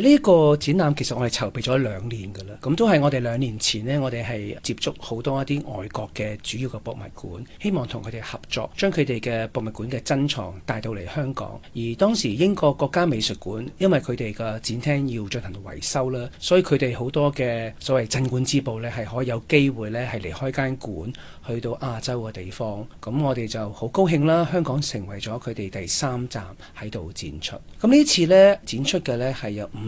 呢個展覽其實我哋籌備咗兩年噶啦，咁都係我哋兩年前呢，我哋係接觸好多一啲外國嘅主要嘅博物館，希望同佢哋合作，將佢哋嘅博物館嘅珍藏帶到嚟香港。而當時英國國家美術館因為佢哋嘅展廳要進行維修啦，所以佢哋好多嘅所謂鎮館之寶呢，係可以有機會呢，係離開間館去到亞洲嘅地方。咁我哋就好高興啦，香港成為咗佢哋第三站喺度展出。咁呢次呢，展出嘅呢，係有五。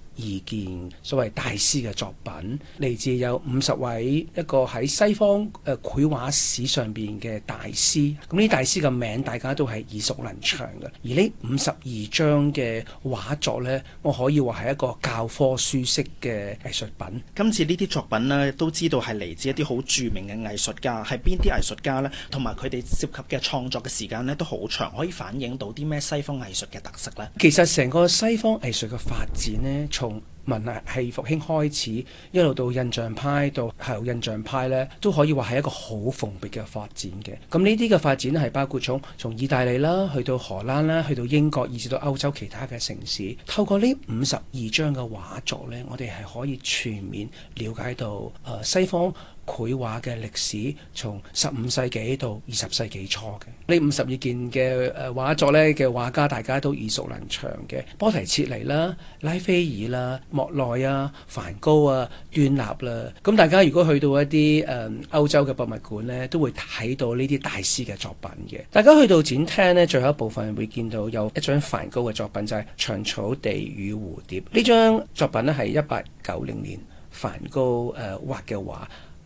二件所謂大師嘅作品，嚟自有五十位一個喺西方誒繪畫史上邊嘅大師。咁呢大師嘅名字大家都係耳熟能詳嘅。而呢五十二張嘅畫作呢，我可以話係一個教科書式嘅藝術品。今次呢啲作品呢，都知道係嚟自一啲好著名嘅藝術家，係邊啲藝術家呢？同埋佢哋涉及嘅創作嘅時間呢，都好長，可以反映到啲咩西方藝術嘅特色呢？其實成個西方藝術嘅發展呢。從文藝氣復興開始，一路到印象派，到後印象派呢都可以話係一個好蓬勃嘅發展嘅。咁呢啲嘅發展係包括從,從意大利啦，去到荷蘭啦，去到英國，以至到歐洲其他嘅城市。透過呢五十二張嘅畫作呢，我哋係可以全面了解到西方。繪畫嘅歷史，從十五世紀到二十世紀初嘅，呢五十二件嘅誒畫作呢，嘅畫家大家都耳熟能詳嘅，波提切利啦、拉斐爾啦、莫奈啊、梵高啊、端納啦。咁大家如果去到一啲誒歐洲嘅博物館呢，都會睇到呢啲大師嘅作品嘅。大家去到展廳呢，最後一部分會見到有一張梵高嘅作品，就係、是《長草地與蝴蝶》呢張作品呢，係一八九零年梵高誒畫嘅畫。畫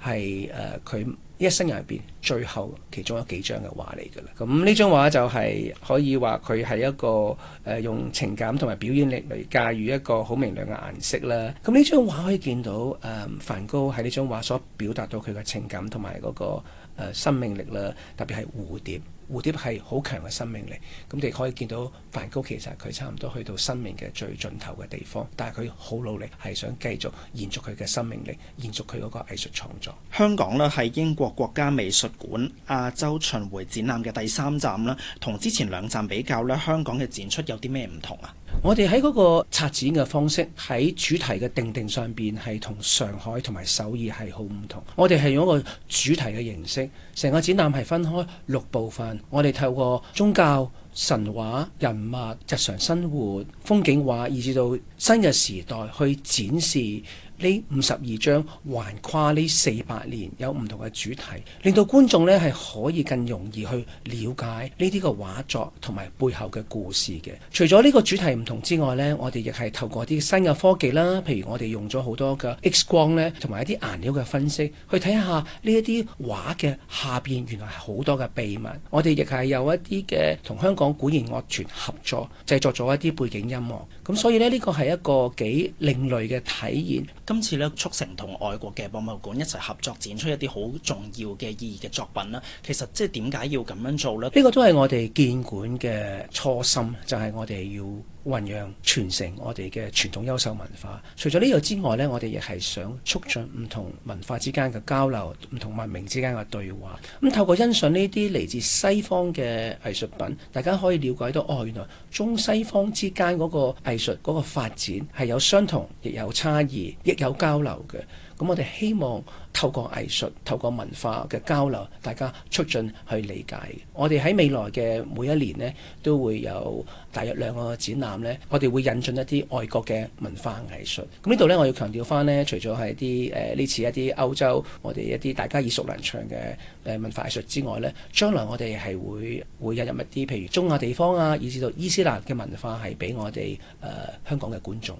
係誒，佢，呃一生入邊，最後其中有幾張嘅畫嚟㗎啦。咁呢張畫就係可以話佢係一個誒、呃、用情感同埋表演力嚟駕馭一個好明亮嘅顏色啦。咁呢張畫可以見到誒梵、嗯、高喺呢張畫所表達到佢嘅情感同埋嗰個、呃、生命力啦。特別係蝴蝶，蝴蝶係好強嘅生命力。咁你可以見到梵高其實佢差唔多去到生命嘅最盡頭嘅地方，但係佢好努力係想繼續延續佢嘅生命力，延續佢嗰個藝術創作。香港呢係英國國家美術館亞洲巡迴展覽嘅第三站啦，同之前兩站比較咧，香港嘅展出有啲咩唔同啊？我哋喺嗰個策展嘅方式，喺主題嘅訂定上邊係同上海同埋首爾係好唔同。我哋係用一個主題嘅形式，成個展覽係分開六部分。我哋透過宗教。神話、人物、日常生活、風景畫以至到新嘅時代去展示呢五十二張橫跨呢四百年有唔同嘅主題，令到觀眾咧係可以更容易去了解呢啲嘅畫作同埋背後嘅故事嘅。除咗呢個主題唔同之外咧，我哋亦係透過啲新嘅科技啦，譬如我哋用咗好多嘅 X 光咧，同埋一啲顏料嘅分析，去睇下呢一啲畫嘅下邊原來係好多嘅秘密。我哋亦係有一啲嘅同香港。我管弦樂團合作製作咗一啲背景音樂，咁所以咧呢個係一個幾另類嘅體驗。今次咧促成同外國嘅博物館一齊合作展出一啲好重要嘅意義嘅作品啦。其實即係點解要咁樣做咧？呢個都係我哋建館嘅初心，就係、是、我哋要弘揚傳承我哋嘅傳統優秀文化。除咗呢個之外咧，我哋亦係想促進唔同文化之間嘅交流、唔同文明之間嘅對話。咁透過欣賞呢啲嚟自西方嘅藝術品，大家。可以了解到，哦，原來中西方之間嗰個藝術，嗰個發展係有相同，亦有差異，亦有交流嘅。咁我哋希望透過藝術、透過文化嘅交流，大家促進去理解。我哋喺未來嘅每一年呢，都會有大約兩個展覽呢。我哋會引進一啲外國嘅文化藝術。咁呢度呢，我要強調翻呢，除咗係一啲誒呢次一啲歐洲，我哋一啲大家耳熟能詳嘅誒文化藝術之外呢，將來我哋係會會引入一啲，譬如中亞地方啊，以至到伊斯蘭嘅文化係俾我哋、呃、香港嘅觀眾。